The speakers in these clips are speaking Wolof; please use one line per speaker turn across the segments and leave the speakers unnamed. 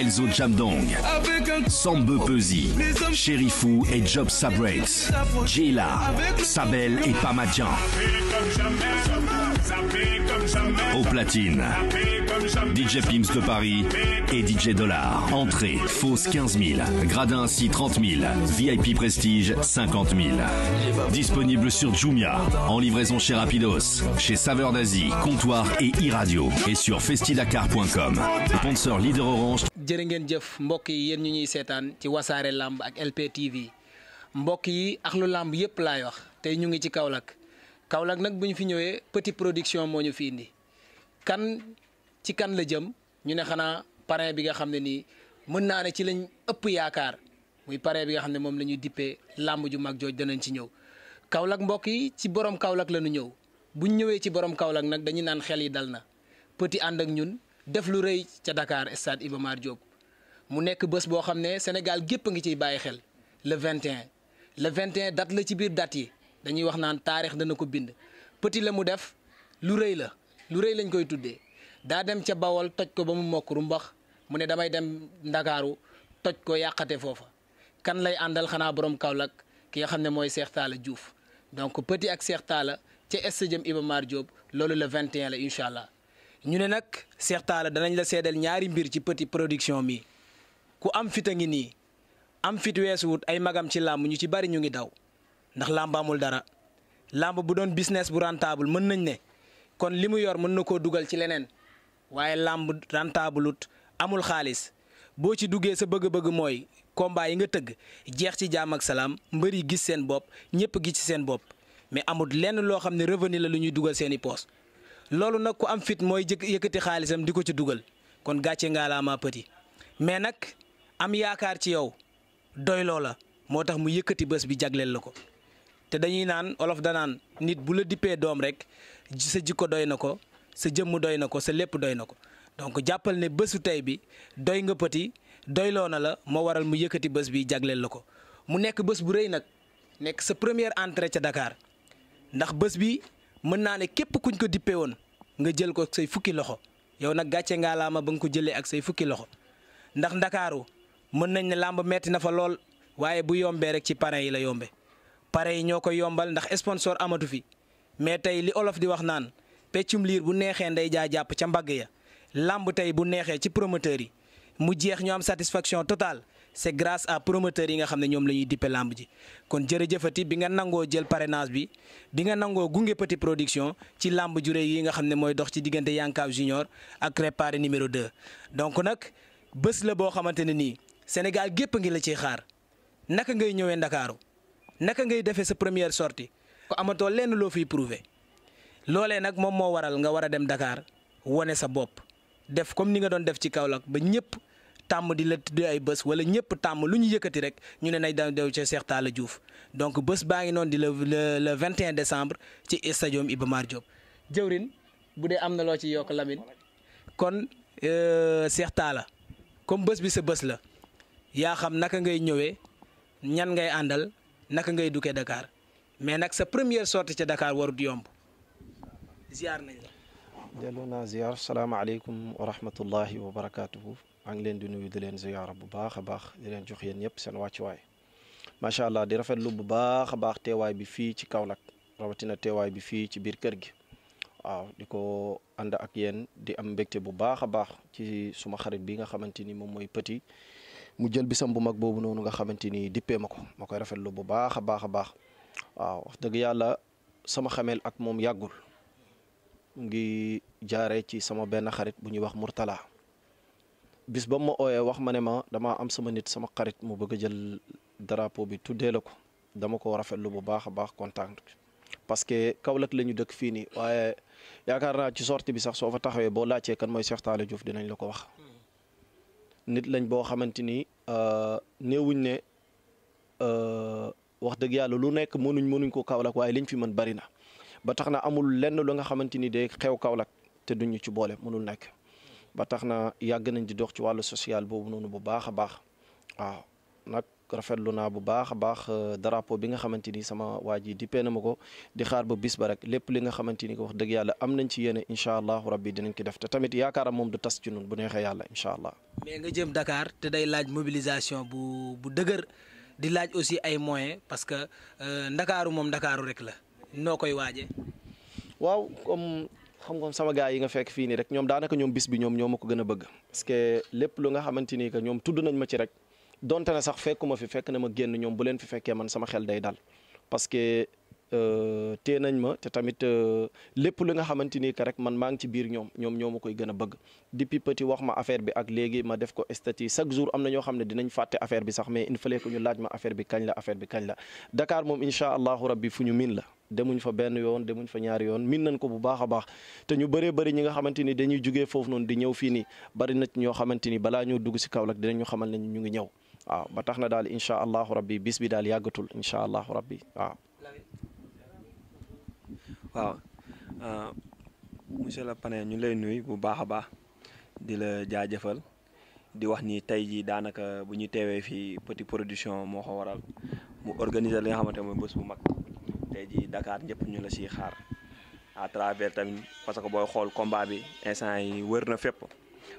Elzo Jamdong, Sambe Pesi, et Job Sabrates, Jela, Sabel et Pamadjan. Au platine. DJ Pims de Paris et DJ Dollar. Entrée, fausse 15 000, gradin ainsi 30 000, VIP Prestige 50 000. Disponible sur Jumia, en livraison chez chez Saveur d'Asie, Comptoir et e et sur festidakar.com. Sponsor leader Orange.
jërë ngeen jëf mbokk yi yéen ñu ñuy seetaan ci wasaare lamb ak LP mbokk yi ak lu lamb yëpp laay wax tey ñu ngi ci Kaolack Kaolack nag bu ñu fi ñëwee petit production moo ñu fi indi ci kan la jëm ñu ne xanaa parrain bi nga xam ne nii mën naa ne ci lañ ëpp yaakaar muy parrain bi nga xam ne moom la ñuy dippee làmb ju mag jooj danañ ci ñëw. Kaolack mbokk yi ci borom Kaolack lanu ñëw buñ ñëwee ci borom Kaolack nag dañu naan xel yi dal na petit ànd ak ñun def lu rëy ca Dakar stade Iba Mar mu nekk bés boo xam ne Sénégal gépp a ngi ciy bàyyi xel le 21 le 21 date la ci biir dat yi dañuy wax naan taarix dana ko bind petit la mu def lu rëy la lu rëy lañ koy tuddee. daa dem ca Bawol toj ko ba mu mokk ru mu ne damay dem ndakaaru toj ko yàqate foofa kan lay àndal xanaa borom Kaolack ki nga xam ne mooy Cheikh Talla Diouf donc Petit ak Cheikh Talla ca est jëm Iba Mar Diop loolu le 21 la incha allah ñu ne nag Cheikh Talla danañ la seedal ñaari mbir ci pëti production mi ku am fit a ngi nii am fit weesuwut ay magam ci làmb ñu ci bari ñu ngi daw ndax làmb dara làmb bu doon business bu rentable mën nañ ne kon li mu yor mën na koo dugal ci leneen. waaye làmb rentable amul xaalis boo ci duggee sa bëgg-bëgg mooy combat yi nga tëgg jeex ci jaam ak salaam mbër yi gis seen bopp ñëpp gi ci seen bopp mais amul lenn loo xam ne revenu la lu ñuy dugal seeni i poos loolu nag ku am fit mooy jëkk yëkkati xaalisam di ko ci dugal kon gàcce ngaa laa ma petit mais nag am yaakaar ci yow doy loo la moo tax mu yëkkati bés bi jagleel la ko te dañuy naan olof danaan nit bu la dippee doom rek sa jikko doy na ko sa jëmm doy na ko sa lépp doy na ko donc jàppal ne bésu tey bi doy nga Petit doyloo na la moo waral mu yëkkati bés bi jagleel la ko mu nekk bés bu rëy nag nekk sa première entrée ca dakaar ndax bës bi mën naa ne képp kuñ ko dippe woon nga jël ko say fukki loxo yow nag gàcce ngaa laama ba nga ko jëlee ak say fukki loxo ndax ndakaaru mën nañ ne làmb metti na fa lool waaye bu yombee rek ci parrain yi la yombe parrain yi ñoo koy yombal ndax sponsor amatu fi mais tey di wax naan peccum liir bu neexee ndey jaa jàpp ca mbagg ya làmb tey bu neexee ci promoteurs yi mu jeex ñu am satisfaction totale c'est grâce à promoteurs yi nga xam ne ñoom la ñuy dippe làmb ji kon jërëjëfati bi nga nangoo jël parrainage bi bi nga nangoo gunge Petit Production ci làmb jure yi nga xam ne mooy dox ci diggante Yankaw Junior ak Réparé numéro 2. donc nag bës la boo xamante ne nii Sénégal gépp ngi la ciy xaar naka ngay ñëwee Ndakaaru naka ngay defee sa première sortie ko amatoo lenn loo loolee nag moom moo waral nga war a dem dakaar wane sa bopp def comme ni nga doon def ci Kaolack ba ñëpp tàmm di la tuddee ay bés wala ñëpp tàmm lu ñu yëkkati rek ñu ne nañ daan dew ca Cheikh Talla Diouf donc bës baa ngi noonu di le le 21 décembre ci stadium Iba Mar Diop. jëwrin bu dee am na loo ci yokk Lamine kon euh, Cheikh Talla comme bés bi sa bës la yaa xam naka ngay ñëwee ñan ngay àndal naka ngay duggee dakaar mais nag sa première sorte ca Dakar warut yomb. ziar
nañ la. delloo naa ziar salaamaaleykum wa rahmatullahi wa barakaatuhu maa ngi leen di nuyu di leen ziyaara bu baax a baax di leen jox yéen ñëpp seen wàccuwaay macha allah di rafetlu bu baax a baax teewaay bi fii ci Kaolack rawatina teewaay bi fii ci biir kër gi waaw di ko ànd ak yéen di am mbégte bu baax a baax ci suma xarit bi nga xamante ni moom mooy Petit mu jël bisam bu mag boobu noonu nga xamante ni dippee ma ko ma koy rafetlu bu baax a baax a baax waaw wax dëgg yàlla sama xameel ak moom yàggul. mu ngi jaare ci sama benn xarit bu ñuy wax Mourtala bis ba ma ooyee wax ma ne ma damaa am sama nit sama xarit mu bëgg a jël drapeau bi tuddee la ko dama ko rafetlu bu baax a baax contact parce que Kaolack la ñu dëkk fii nii waaye yaakaar naa ci sortie bi sax soo fa taxawee boo laajtee kan mooy Cheikh Talla Diouf dinañ la ko wax. nit lañ boo xamante ni euh, néewuñ ne euh, wax dëgg yàlla lu nekk mënuñ mënuñ ko Kaolack waaye liñ fi mën bari na. ba tax na amul lenn lu nga xamante ni day xew Kaolack te ñu ci boole mënul nekk ba tax na yàgg nañ di dox ci wàllu social boobu noonu bu baax a baax waaw nag rafetlu naa bu baax a baax euh, drapeau bi nga xamante ni sama waa ji dippee na ma ko di xaar ba bis ba rek lépp li nga xamante ni ko wax dëgg yàlla am nañ ci yéene incha allah rabbi dinañ ko def te tamit yaakaaram moom du tas ci nun bu neexee yàlla incha allah.
mais nga jëm Dakar te day laaj mobilisation bu bu dëgër di laaj aussi ay moyens parce que euh, ndakaaru moom ndakaaru rek la. noo koy waaje
waaw comme xam nga sama gaa yi nga fekk fii nii rek ñoom daanaka ñoom bis bi ñoom ñoo ma ko gën a bëgg parce que lépp lu nga ni que ñoom tudd nañ ma ci rek donte na sax fekkuma fi fekk na ma génn ñoom bu leen fi fekkee man sama xel day dal parce que euh, tee nañ ma te tamit euh, lépp lu nga ni que rek man maa ngi ci ñoo ma koy gën a bëgg depuis petit wax ma affaire bi ak léegi ma def ko statut chaque jour am na ñoo xam ne dinañ fàtte affaire bi sax mais il fallait que ñu laaj ma affaire bi kañ la affaire bi kañ la Dakar moom incha allahu rabbi fu ñu miin la. demuñ fa benn yoon demuñ fa ñaari yoon min nañ ko bu baax a baax te ñu bëree bëri ñi nga xamante ni dañuy jugee foofu noonu di ñëw fii nii bari na ñoo xamante ni balaa ñoo dugg si Kaolack dinañu xamal ne ñu ngi ñëw waaw ba tax na daal incha allahu rabbi bis bi daal yàggatul incha allahu
rabbi waaw. waaw euh, monsieur le Pané ñu lay nuyu bu baax a baax di la jaajëfal di wax ni tey jii daanaka bu ñu teewee fii Petit Production moo ko waral mu organiser li nga xamante mooy bés bu mag. tey jii Dakar ñëpp ñu la siy xaar à travers tamit parce que booy xool combat bi instant yi wër na fépp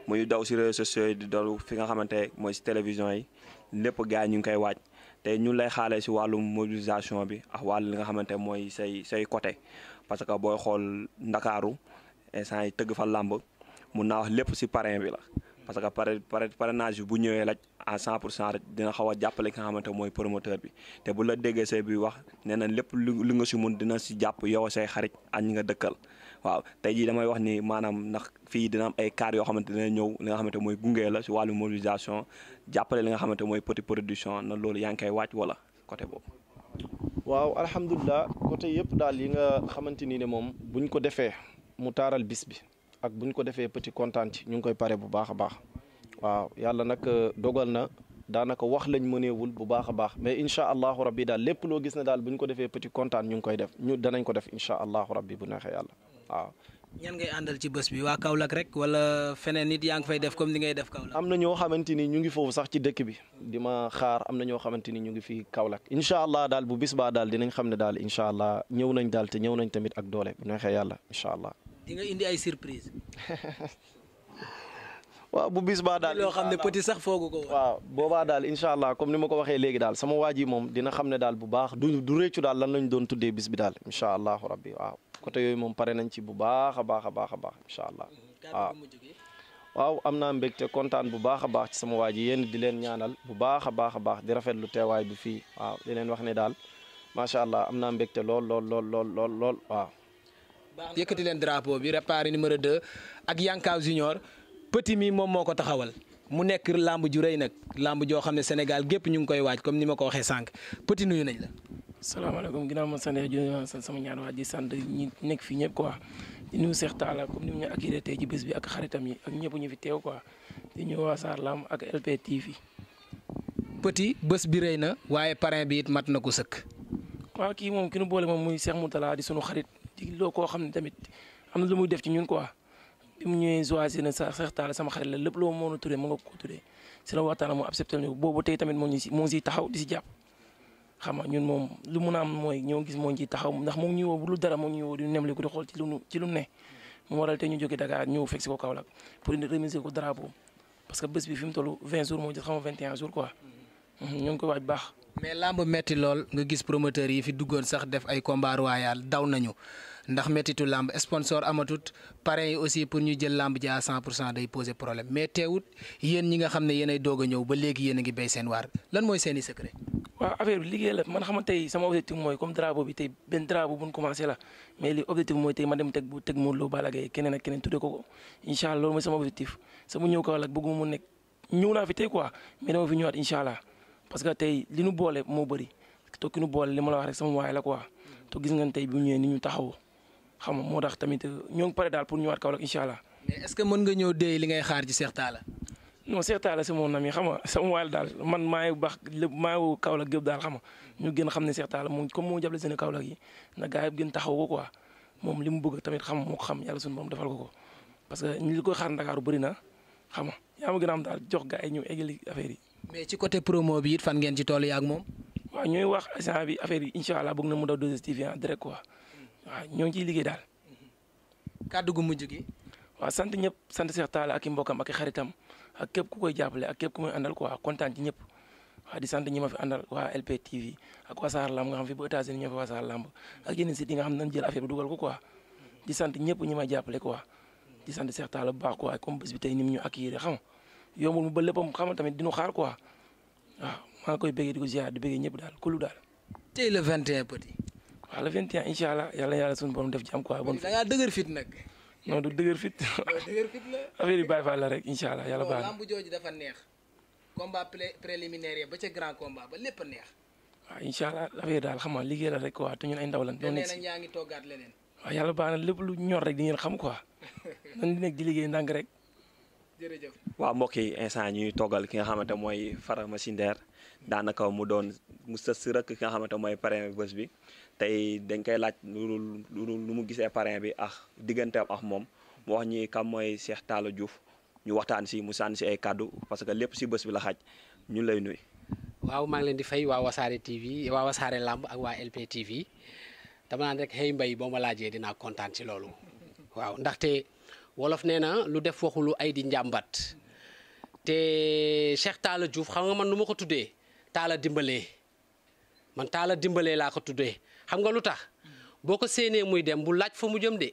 muy daw si réseaux sociaux yi di fi nga xamante mooy si télévision yi lépp gars ñu ngi koy waaj te ñun lay xaale si wàllum mobilisation bi ak wàllu li nga xamante mooy say say côté parce que booy xool ndakaaru instant yi tëgg fa làmb mun naa wax lépp si parrain bi la parce que pare pare parrainage bi bu ñëwee rek a 100 pour cent rek dina xaw jàppale ki nga mooy promoteur bi te bu la déggee say bi wax nee na lépp lu lu nga si mun dina si jàpp yow say xarit ak ñi nga dëkkal waaw tey jii damay wax ni maanaam ndax fii dina am ay car yoo xamante dina ñëw li nga xamante mooy gungee la si wàllu mobilisation jàppale li nga xamante mooy petit production na loolu yaa ngi koy wàcc wala côté boobu.
waaw alhamdulilah côté yëpp daal yi nga xamante ni ne moom buñ ko defee mu taaral bis bi. ak bu ñu ko defee petit kontaan ci ñu ngi koy pare bu baax a baax waaw yàlla nag euh, dogal na daanaka wax lañ mëneewul bu baax a baax mais incha allahu rabbi daal lépp loo gis na daal ñu ko defee petit kontaan ñu ngi koy def ñu danañ ko def incha allahu rabbi bu neexee yàlla waaw.
àndal ci bés bi waa Kaolack rek wala feneen nit yaa ngi fay def comme ni ngay def
am na ñoo xamante ni ñu ngi foofu sax ci dëkk bi di ma xaar am na ñoo xamante ni ñu ngi fii Kaolack incha allah daal bu bis baa daal dinañ xam ne daal incha allah ñëw nañ daal te ñëw nañ tamit ak doole bu neexee yàlla incha allah.
di nga indi ay surprise.
waaw bu bis baa daal loo xam ne petit sax foogu ko. waaw boobaa daal incha allah comme ni ma ko waxee léegi daal sama waa ji moom dina xam ne daal bu baax du du réccu daal lan lañ doon tuddee bis bi daal incha allahu rabbi waaw côté yooyu moom pare nañ ci bu baax a baax a baax a baax incha allah. Mm-hmm. waaw waaw am na mbégte kontaan bu baax a baax ci sama waa ji yéen di leen ñaanal bu baax a baax a baax di rafetlu teewaay bi fii waaw di leen wax ne daal macha allah am na mbégte lool lool lool lool lool lool waaw.
yëkkati leen drapeau bi réparé numéro 2 ak Yankaw Junior petit mi moom moo ko taxawal. mu nekk làmb ju rëy nag làmb joo xam ne Sénégal gépp ñu ngi koy waaj comme ni ma ko waxee sànq petit nuyu nañ la.
salaamaaleykum ginnaaw ma sant sama ñaar waa di sant ñi fii ñëpp quoi di nuyu Cheikh Talla comme ni mu bi ak xaritam yi ak ñëpp ñu fi teew quoi di nuyu waa Saar ak LP TV.
bi rëy na waaye parrain bi it mat na ko sëkk.
waaw kii moom ki nu boole moom muy Cheikh Moutala di sunu xarit. digloo koo xam ne tamit am na lu muy def ci ñun quoi mu ñëwee choisir na sa Cheikh Talla sama xarit la lépp loo mën a turee mën nga ko turee si la waxtaan mu accepté ñu boobu moom lu mun a am mooy ñoo gis ñu woo bu dara moom ñu woo di nemle ko di xool ci lu nu ci ñëw fekk si ko Kaolack pour indi remiser ko drapeau parce que bés bi fi mu toll 20 jours moo jot xam nga 21 jours quoi mm-hmm. ñoo koy waaj baax
mais làmb metti lool nga gis promoteur yi fi duggoon sax def ay combat royal daw nañu ndax mettitu làmb sponsor amatut parrain yi aussi pour ñu jël làmb ji à pour cent day poser problème mais teewut yéen ñi nga xam ne yéenay
doog a ñëw ba léegi yéen a ngi béy seen waar lan mooy seen i secret. waaw affaire bi liggéey la man xam tey sama objectif mooy comme drapeau bi tey benn drapeau bu ñu commencé la mais li objectif mooy tey ma dem teg bu teg Modou Lo Balla Gaye keneen ak keneen ko ko incha loolu mooy sama mu nekk ñëw naa fi tey quoi mais parce que tey li nu boole moo bëri te ki nu boole li ma la wax rek sama waay la quoi te gis ngeen tey bi ñëwee ni ñu taxawoo xam nga moo tax tamit euh, ñoo ngi pare daal pour ñëwaat Kaolack incha allah. mais est que mën nga ñëw dee li ngay xaar ci Cheikh Talla. non Cheikh Talla c'est mon xam nga sama waay daal man maa ngi baax lépp maa ngi Kaolack gépp daal xam ñu gën xam ne Cheikh moom comme moo jàppale seen Kaolack yi na gars yi gën taxaw ko quoi moom li mu bëgg tamit xam moo xam yàlla suñu borom defal ko ko parce que ñi li koy xaar Ndakaaru bëri na xam nga yaa ma gën a am daal jox gars yi ñu eggali affaire yi mais ci côté promo bi it fan ngeen ci tool yi ak moom. waaw ñooy wax agent bi affaire incha allah bëgg na mu daw 2STV en direct quoi waaw ñoo ngi ciy liggéey daal. kàddu gu mujj gi. waa sant ñëpp sant Cheikh Talla ak i mbokkam ak i xaritam ak képp ku koy jàppale ak képp ku muy àndal quoi kontaan ci ñëpp sant ñi ma fi àndal waa LP TV ak Wassare nga xam fi ba États-Unis ñoo fi Wassare nga xam nañ jël affaire bi dugal ko quoi di sant ñëpp ñi ma jàppale quoi di sant Cheikh Talla bu baax quoi comme bés bi tey ni mu ñu accueillir xam yombul mu ba léppam xam tamit dinu xaar quoi waaw maa ngi koy bëggee di ko ziar di bëggee ñëpp daal kulu daal. tey le 21 petit. waaw le 21 incha allah yàlla yàlla suñu borom def jàmm quoi. bon da ngaa dëgër fit nag. non du dëgër fit. la.
affaire
yi bàyyi rek incha allah yàlla oh, baax na. lamb
jooju dafa neex. combat préliminaire ba ca grand combat ba lépp neex. incha allah affaire
yi daal xam nga liggéey la rek quoi te ay ndaw la ñoo nekk si
yaa ngi toogaat leneen.
waaw yàlla baax na lépp lu ñor rek di ngeen xam quoi.
nañ di nekk di liggéey ndànk rek jërëjëf waaw mbokk yi instant ñuy toggal ki nga xamante mooy pharmacien Nder daanaka mu doon mu sës si rëkk ki nga xamante mooy parrain bës bi tey dañ koy laaj lu lu mu gisee parrain bi ak digganteem ak moom mu wax ñi kam mooy Cheikh Talla Diouf ñu waxtaan si mu saan si ay kàddu parce que lépp si bés bi la xaj ñu lay nuy waaw maa ngi leen di fay waa wasaare TV waa wasaare làmb ak
waa LP TV dama naan rek xëy mbay boo ma laajee dinaa kontaan ci loolu waaw ndaxte. wolof nee na lu def waxulu ay di njàmbat te Cheikh taala Diouf xam nga man nu ma ko tuddee Talla dimbalee man taala dimbalee laa ko tuddee xam nga lu tax boo ko séenee muy dem bu laaj fa mu jëm de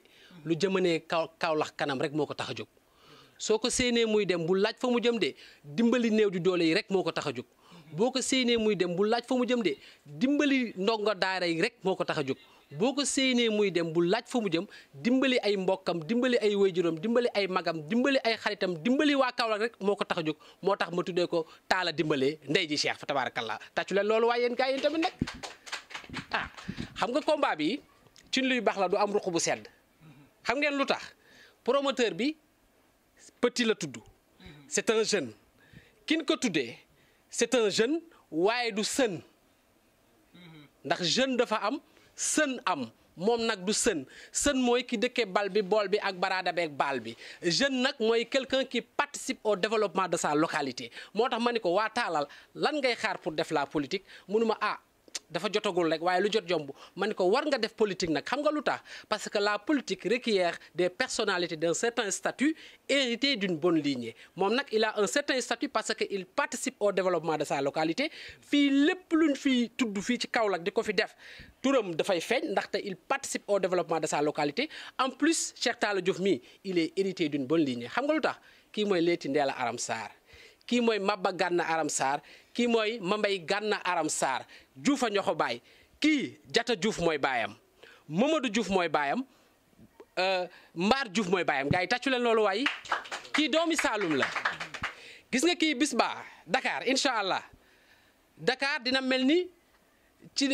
lu jëmanee kaw Kaolack kanam rek moo ko tax a jóg. soo ko séenee muy dem bu laaj fa mu jëm de dimbali néew di doole yi rek moo ko tax a jóg boo ko séenee muy dem bu laaj fa mu jëm de dimbali ndongo daara yi rek moo ko tax a jóg. boo ko séenee muy dem bu laaj fa mu jëm dimbali ay mbokkam dimbali ay waajuram dimbali ay magam dimbali ay xaritam dimbali waa Kaolack rek moo ko tax a jóg moo tax ma tuddee ko taala dimbalee ndey ji Cheikh fa tabaarakallaa tàccu leen loolu waaye yéen gaa yéen tamit nag ah xam nga combat bi ci luy baax la du am ruq bu sedd xam ngeen lu tax promoteur bi petit la tudd c'est un jeune kin ko tuddee c'est un jeune waaye du sën ndax jeune dafa am sën am moom nag du sën sën mooy ki dëkkee bal bi bool bi ak baraada beeg baal bi jeune nag mooy quelqu'un qui participe au développement de sa localité moo tax ma ni ko waa taalal lan ngay xaar pour def la politique munuma ah dafa jotagul rek waaye lu jot yomb ma ne ko war nga def politique nag xam nga lu tax parce que la politique requiert des personnalités d'un certain statut héritées d'une bonne lignée moom nag il a un certain statut parce que il participe au développement de sa localité fii lépp luñ fii tudd fii ci Kaolack di ko fi def turam dafay feeñ ndaxte il participe au développement de sa localité en plus Cheikh Talla Diouf mii il est hérité d'une bonne lignée xam nga lu tax kii mooy Leyti Ndella Aram Sarr kii mooy Maba Gànna Aram Sarr kii mooy Mambay Gànna Aram Sarr Juuf a ñoxo baay kii Jata Juuf mooy baayam Mamadou Juuf mooy baayam euh, Mbaar Juuf mooy baayam gars yi tàccu leen loolu waaye kii doomi Saalum la gis nga kii bis baa dakaar incha allah Dakar dina mel ni ci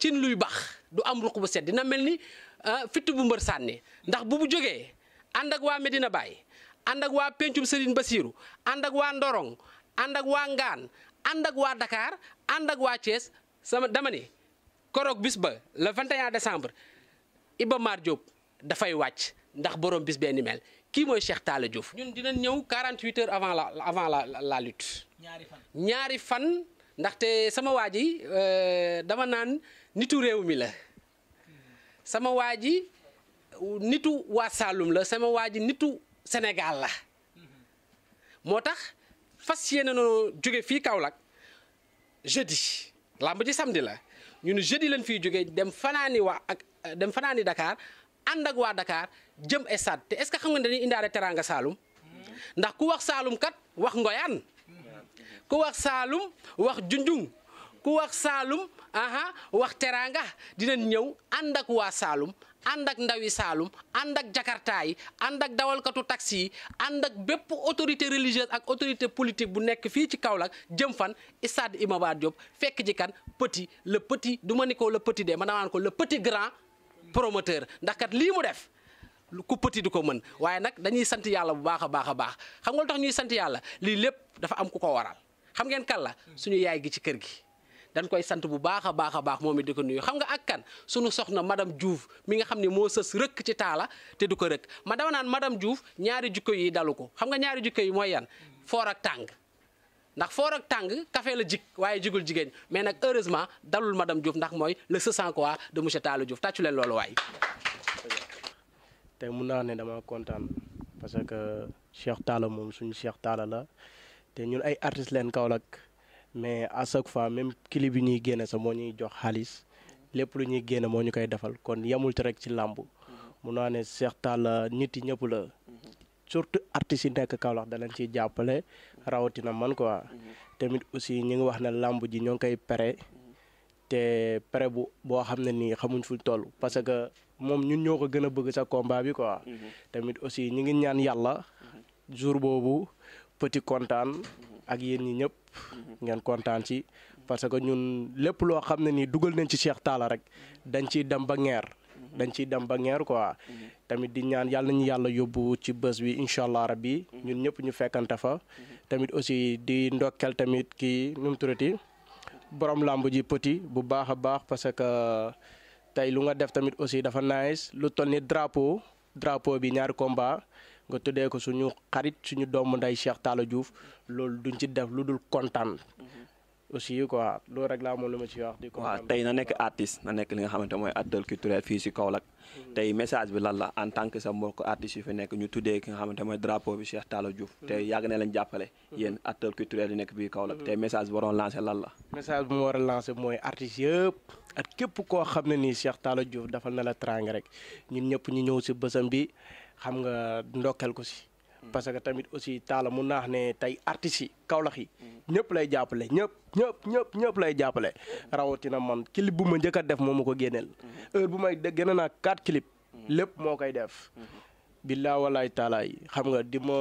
cin luy bax du am ruq bu set dina mel ni euh, fitt bu mbër sànni ndax bu bu jógee ànd ak waa Medina Baye ànd ak waa Pencum Serigne Bassirou ànd ak waa Ndorong ànd waa Ngaan ànd ak waa dakaar ànd ak waa Thiès sama dama ne koroog bis ba la 21 décembre Iba Mar Diop dafay wàcc ndax borom bis benn mel kii mooy Cheikh Talla Diouf. ñun dinañ ñëw 48 heures avant la avant la la lutte. ñaari fan ñaari fan ndaxte sama waa ji euh, dama naan nitu réew mi la sama waa ji nitu waa Saloum la sama waa ji nitu. Sénégal la moo tax fas yéene no jóge fii Kaolack jeudi làmb ji samedi la ñu ne jeudi lañ fiy jóge dem fanaani waa ak dem fanaani Dakar ànd ak waa Dakar jëm stade te est-ce que xam nga dañuy indaale teraanga Saalum ndax ku wax Saalum kat wax ngoyaan ku wax Saalum wax junjung ku wax Saalum wax teraanga dinañ ñëw ànd ak waa Saalum ànd ak ndawi Saalum ànd ak jakartaay ànd ak dawalkatu taxi yi ànd ak bépp autorité religieuse ak autorité politique bu nekk fii ci Kaolack jëm fan i Iba Mar Diop fekk ji kan petit le petit du ma ni ko la petit de ma naan ko la petit grand promoteur ndax kat lii mu def. ku petit du ko mën waaye nag dañuy sant yàlla bu baax a baax a baax xam nga lu ñuy sant yàlla lii lépp dafa am ku ko waral xam ngeen kan suñu yaay gi ci kër gi. dañ koy sant bu baax a baax a baax moom it di ko nuyu xam nga ak kan sunu soxna madame Diouf mi nga xam ni moo sës rëkk ci taala te du ko rëkk ma dama naan madame Diouf ñaari jukko yi dalu ko xam nga ñaari jikko yi mooy yan foor ak tàng ndax foor ak tàng café la jik waaye jigul jigéen mais nag heureusement dalul madame Diouf ndax mooy le sësan quoi de monsieur Talla Diouf tàccu leen loolu waay.
tey mun naa ne dama kontaan parce que Cheikh Talla moom suñu Cheikh Talla la te ñun ay artistes leen Kaolack mais à chaque fois même clip bi ñuy génne sax moo ñuy jox xaalis lépp lu ñuy génne moo ñu koy defal kon yemul ci rek ci làmb mun naa ne Cheikh Talla nit yi ñëpp la surtout artistes yi nekk Kaolack da leen ciy jàppale rawatina man quoi tamit aussi ñu ngi wax na làmb ji ñoo ngi koy pare te pare bu boo xam ne nii xamuñ fu toll parce que moom ñun ñoo ko gën a bëgg sa combat bi quoi. Mhm. tamit aussi ñu ngi ñaan yàlla. Mhm. jour boobu petit kontaan. ak yéen ñi ñëpp mhm. ngeen kontaan ci parce que ñun lépp loo xam ne nii dugal nañ ci Cheikh Talla rek dañ ciy dem ba ngeer mhm. dañ ciy dem ba ngeer quoi mhm. tamit di ñaan yàlla nañu yàlla yóbbu ci bés bi incha allah rabbi ñun ñëpp ñu fekkante fa tamit aussi di ndokkel tamit kii nu mu turati borom làmb ji petit bu baax a baax parce que tey lu nga def tamit aussi dafa nice lu toll ni drapeau drapeau bi ñaari combat nga tuddee ko suñu xarit suñu doomu nday Cheikh Talla Diouf loolu duñ ci def lu dul kontaan. aussi quoi loolu
rek laa moom lu ma ci wax. ko waaw tey na nekk artiste na nekk li nga xamante mooy acteur culturel fii si Kaolack. Hmm. tey message bi lan la en tant que sa mbokk artiste yu fi nekk ñu tuddee ki nga xamante mooy drapeau bi Cheikh Talla Diouf. Hmm. te yàgg na leen jàppale. Hmm. yéen acteur culturel yi nekk bii Kaolack. tey message bi waroon lancé lan la.
message bu ma war a lancé mooy artistes yëpp ak képp koo xam ne nii Cheikh Talla Diouf dafa na la trang rek ñun ñëpp ñu ñëw si bësam bi. xam nga ndokkal ko si. parce que tamit aussi taala mun naax ne tey artistes yi kawlax yi. ñëpp lay jàppale ñëpp ñëpp ñëpp ñëpp lay jàppale. rawatina man clip bu ma njëkk a def moo ma ko génneel. heure bu may génne naa quatre clip. lépp moo koy def. billaa walaay taalaa xam nga di ma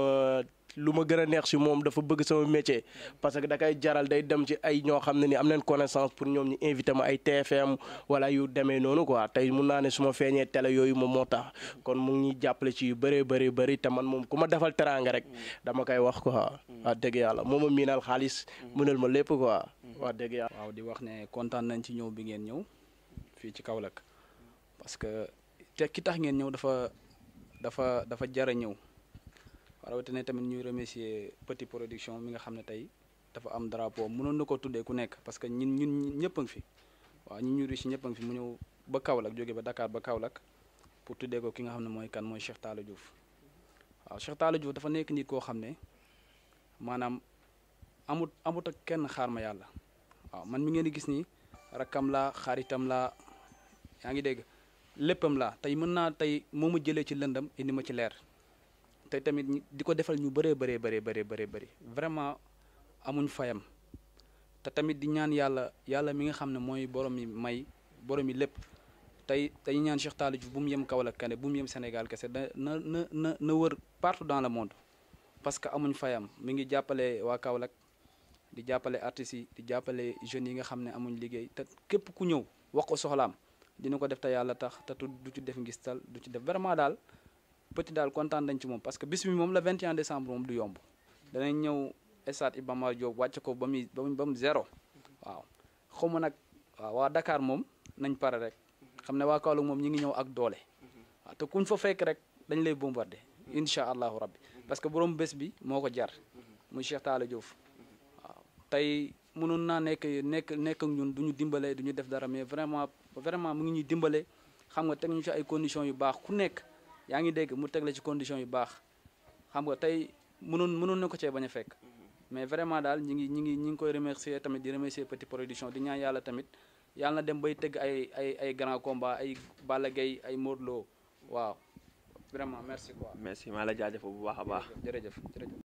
lu ma gën a neex si moom dafa bëgg sama métier parce que da kay jaral day dem ci ay ñoo xam ne ni am nañ connaissance pour ñoom ñu invité ma ay TFM wala yu demee noonu ko tey mun naa ne su ma feeñee tele yooyu moom moo tax kon mu ngi jàppale ci yu bëree bëri bëri te man moom ku ma defal teraanga rek dama koy wax quoi. wax dëgg yàlla moom ma miinal xaalis. mënal ma lépp quoi.
wax dëgg yàlla. waaw di wax ne kontaan nañ ci ñëw bi ngeen ñëw ci Kaolack parce dafa dafa jar a ñëw rawatina tamit ñuy remercier Petit Production mi nga xam ne tey dafa am drapeau mënoon na koo tuddee ku nekk parce que ñun ñun ñëpp a ngi fi waaw ñun ñu riche ñëpp a ngi fi mu ñëw ba Kaolack jóge ba dakaar ba Kaolack pour tuddee ko ki nga xam ne mooy kan mooy Cheikh Talla Diouf waaw Cheikh Talla Diouf dafa nekk nit koo xam ne maanaam amut amut ak kenn xaar ma yàlla waaw man mi ngeen di gis nii rakkam laa xaaritam laa yaa ngi dégg. léppam laa tey mën naa tey moo ma jëlee ci lëndam indi ma ci leer te tamit di ko defal ñu bëree bëree bëree bëree bëri vraiment amuñ fayam te tamit di ñaan yàlla yàlla mi nga xam ne mooy borom yi may borom yi lépp tey tey ñaan Cheikh Talla Diouf bu mu yem Kaolack kane bu mu yem Sénégal kese da na na na wër partout dans le monde parce que amuñ fayam mi ngi jàppale waa Kaolack di jàppale artistes yi di jàppale jeunes yi nga xam ne amuñ liggéey te képp ku ñëw wax ko soxlaam. dina ko def te yàlla tax te du ci def ngistal du ci def vraiment daal petit daal kontaan dañ ci moom parce que bis bi moom le 21 décembre moom du yomb danañ ñëw stade Iba Mar Diop wàcc ko ba muy ba mu zéro waaw xaw ma nag waaw waa Dakar moom nañ pare rek xam ne waa Kaolack moom ñu ngi ñëw ak doole waaw te kuñ fa fekk rek dañ lay bombarder incha allahu rabbi parce que borom bés bi moo ko jar muy Cheikh Talla Diouf waaw tey mënoon naa nekk nekk nekk ak ñun du ñu dimbale du ñu def dara mais vraiment ba vraiment mu ngi ñuy dimbale xam nga teg ñu ci ay conditions yu baax ku nekk yaa ngi dégg mu teg la ci conditions yu baax xam nga tey mënoon mënoon na ko cee bañ a fekk mais vraiment daal ñi ngi ñi ngi ñi ngi koy remercier tamit di remercier Petit Production di ñaan yàlla tamit yàlla na dem bay tëgg ay ay ay grand combat ay Balla Gaye ay Modou Lo waaw vraiment merci quoi.
merci maa la jaajëfal bu baax a baax jërëjëf jërëjëf.